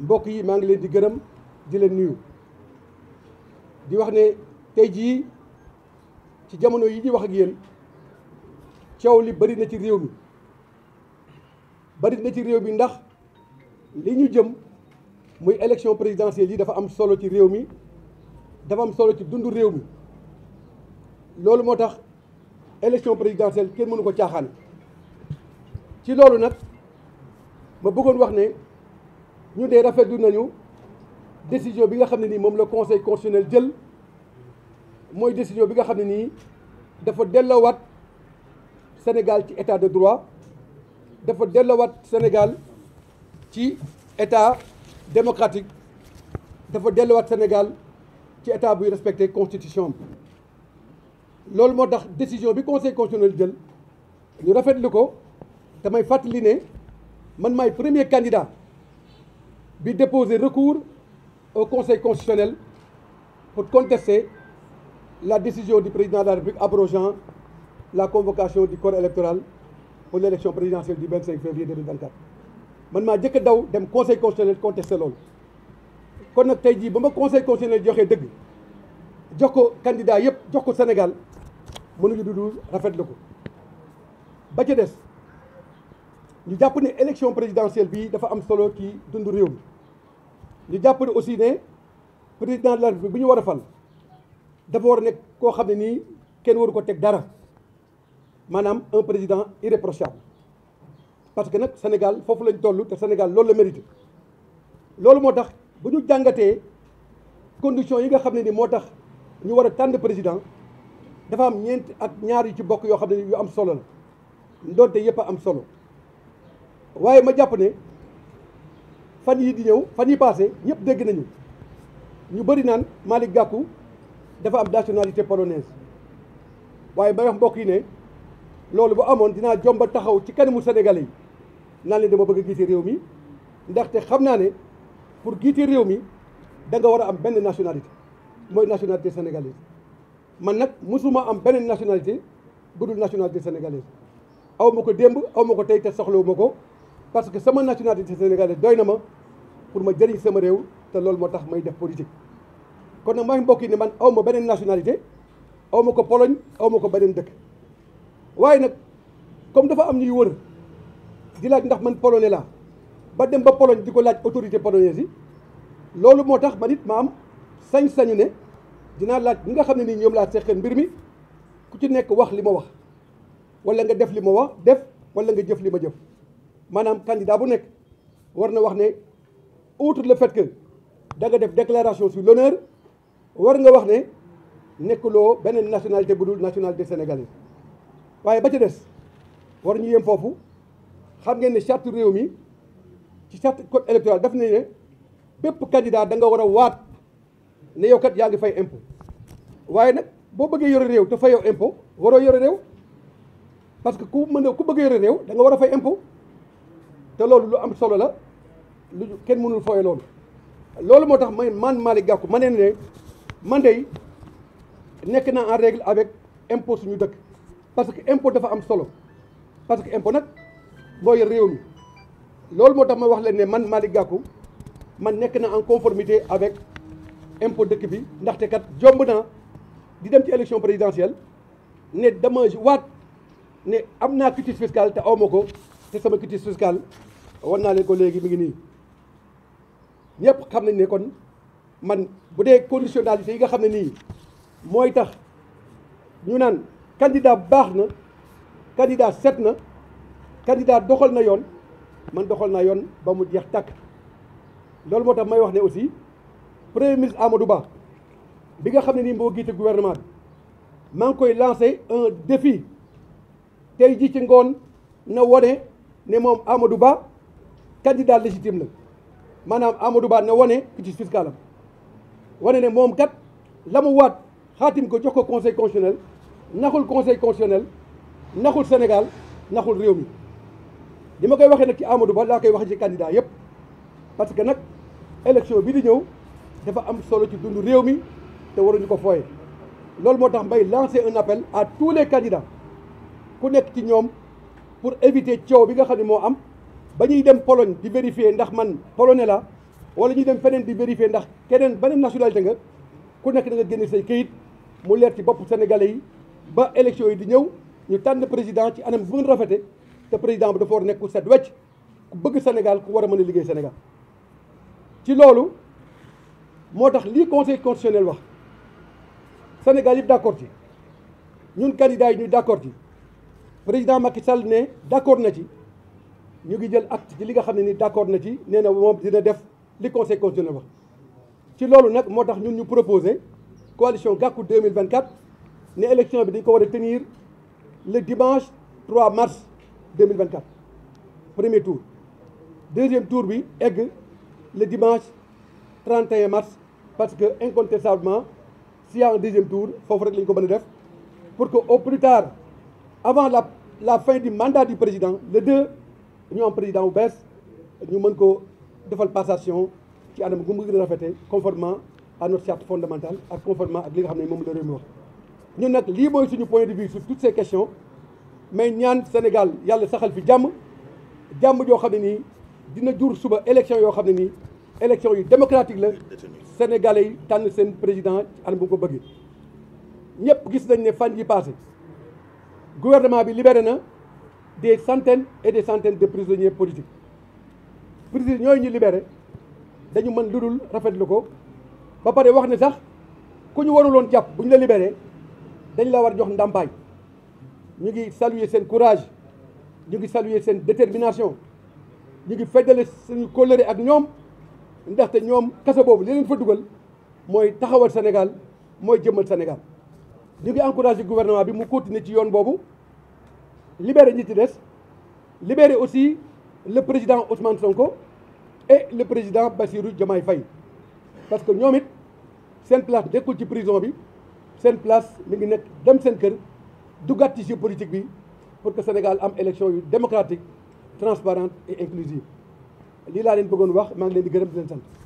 mbokk yi maa ngi leen di gërëm di leen nuyu di wax ne tey jii ci jamono yi di wax ak yéen coow li bari na ci réew mi bari na ci réew mi ndax li ñu jëm muy élection présidentielle yi dafa am solo ci réew mi dafa am solo ci dundu réew mi loolu moo tax élection présidentielle kenn mënu ko caaxaan ci loolu nag ma bëggoon wax ne ñu dee rafetlu nañu décision bi nga xam ne nii moom la conseil constitutionnel jël mooy décision bi nga xam ne nii dafa delloowaat Sénégal ci état de droit dafa delloowaat Sénégal ci état démocratique dafa delloowaat Sénégal ci état buy respecté constitution bi loolu moo tax décision bi conseil constitutionnel jël ñu rafetlu ko damay fàttali ne man may premier candidat. bi déposer recours au conseil constitutionnel pour contester la décision du président de la République abrogeant la convocation du corps électoral pour l'élection présidentielle du 25 février 2024 man maa jëkk daw dem conseil constitutionnel contesté loolu kon nag tey jii ba ma conseil constitutionnel joxee dëgg jox ko candidat yëpp jox ko Sénégal mënuñu rafet rafetlu ko ba ca des ñu jàpp ne élection présidentielle bii dafa am solo ci dundu réew mi ñu jàpp ne aussi ne président de la République bu ñu war a fal dafa war a nekk koo xam ne nii kenn waru ko teg dara maanaam un président irréprochable parce que nag Sénégal foofu lañ toll te Sénégal loolu la mérite loolu moo tax bu ñu jàngatee conditions yi nga xam ne ni moo tax ñu war a tànn président dafa am ñeent ak ñaar yu ci bokk yoo xam ne yu am solo la ndoonte yëpp a am solo waaye ma jàpp ne fan yi di ñëw fan yi passé ñëpp dégg nañu ñu bëri naan Malick gàkku dafa am nationalité polonaise waaye ba wax mbokk yi ne loolu bu amoon dinaa jomba taxaw ci kanamu sénégalais yi naan leen dama bëgg a giite réew mi ndaxte xam naa ne pour giite réew mi da nga war a am benn nationalité mooy nationalité sénégalaise man nag mosuma am benn nationalité bu dul nationalité sénégalaise aw ko démb aw ma ko tey te soxlawu ma ko parce que sama nationalité sénégalaise doy na ma pour ma jëriñ sama réew te loolu moo tax may def politique kon nag may mbokk yi ne man aw ma beneen nationalité aw ma ko Pologne aw ma ko beneen dëkk waaye nag comme dafa am ñuy wër di laaj ndax man polone laa ba dem ba Pologne di ko laaj autorité polonaise yi loolu moo tax man it ma am sañ-sañu ne dinaa laaj ñi nga xam ne nii ñoom laa seqeen mbir mi ku ci nekk wax li ma wax wala nga def li ma wax def wala nga jëf li ma jëf maanaam candida bu nekk war na wax ne outre le fait que da nga def déclaration sur l'honneur war nga wax ne nekkuloo beneen nationalité bu dul nationalité sénégalaise waaye ba ca des war ñu yem foofu xam ngeen ne charte réew mi ci charte code électoral daf nañ ne bépp candidat da nga war a waat ne yow yaa ngi fay impôt waaye nag boo bëggee yore réew te fayoo impôt waroo yore réew parce que ku mën a ku bëggee yore réew da nga war a fay impôt te loolu lu am solo la lu kenn mënul fooye loolu loolu moo tax may man Malick gàkku ma ne man dey nekk naa en règle avec impôt suñu dëkk que impôt dafa am solo parce que impôt nag mooy réew mi loolu moo tax ma wax leen ne man Malick Gakou man nekk na en conformité avec impôt dëkk bi ndaxte kat jomb na di dem ci élection présidentielle ne dama waat ne am naa quitus fiscal te aw ko te sama quitus fiscal wan naa leen ko léegi mu ngi nii ñëpp xam nañ ne kon man bu dee conditionnalité yi nga xam ne nii mooy tax ñu naan candidat baax na candidat set na candidat doxal na yoon man doxal naa yoon ba mu jeex takk loolu moo tax may wax ne aussi premier ministre Amadou bi nga xam ne nii moo giite gouvernement bi maa ngi koy lancé un défi tey ji ci ngoon na wone ne moom Amadou candidat légitime la maanaam Amadou Ba na wane ci fiscal am wane ne moom kat la mu waat xaatim ko jox ko conseil constitutionnel naxul conseil constitutionnel naxul Sénégal naxul réew mi li ma koy waxee nag ci Amadou Ba laa koy waxee ci candidat yëpp parce que nag élection bi di ñëw dafa am solo ci dund réew mi te waruñu ko fooye loolu moo tax may lancer un appel at tous les candidats ku nekk ci ñoom pour éviter coow bi nga xam ne moo am ba ñuy dem Pologne di vérifier ndax man polonais la wala ñuy dem feneen di vérifier ndax keneen beneen nationalité nga ku nekk da nga génne say këyit mu leer ci bopp sénégalais yi ba élection yi di ñëw ñu tànn président ci anam bu gën rafete te président bi dafa war nekk ku set wecc ku bëgg Sénégal ku war a mën a liggéey Sénégal ci loolu moo tax lii conseil constitutionnel wax Sénégal yëpp d'accord ci ñun candidats yi ñuy d'accord ci président Macky Sall ne d'accord na ci ñu ngi jël acte ci li nga xam ne ni d'accord na ci nee na moom dina def li conseil constitutionnel wax ci loolu nag moo tax ñun ñu proposé coalition Gakou 2024 ne élection bi dañ ko war a tenir le dimanche 3 mars 2024 premier tour deuxième tour bi egg le dimanche 31 mars parce que incontestablement s'il y a un deuxième tour foofu rek la ko mën a def pour que au plus tard avant la la fin du mandat du président dañoo am président bu bees ñu mën ko defal passation ci anam gu mu gën rafete conformément à notre charte fondamentale ak conformément ak xam ne moom la réew mi wax ñun nag lii mooy suñu point de vue sur toutes ces questions mais ñaan Sénégal yàlla saxal fi jàmm jàmm joo xam ne nii dina jur suba élection yoo xam ne nii élection yu démocratique la Sénégalais yi tànn seen président anam bu ko bëggee ñëpp gis nañ ne fan yi passé gouvernement bi libéré na des centaines et des centaines de prisonniers politiques prisonniers ñooyu ñu libéré dañu mën lu dul rafetlu ko ba pare wax ne sax ku ñu waruloon jàpp bu ñu la libéré dañ la war jox ndàmpaay ñu ngi saluer seen courage ñu ngi saluer seen détermination ñu ngi feddale suñu kóllëre ak ñoom ndaxte ñoom kaso boobu li leen fa dugal mooy taxawal Sénégal mooy jëmmal Sénégal ñu ngi encouragé gouvernement bi mu continuer ci yoon boobu libérer ñi ci des libérer aussi le président Ousmane Sonko et le président Bassirou Diomaye fay parce que ñoom it seen place nekkul ci prison bi seen place mi ngi nekk dem seen kër duggaat ci politique bi pour que Sénégal am élection yu démocratique transparente et inclusive li laa leen bëggoon wax maa ngi leen di gërëm di leen sant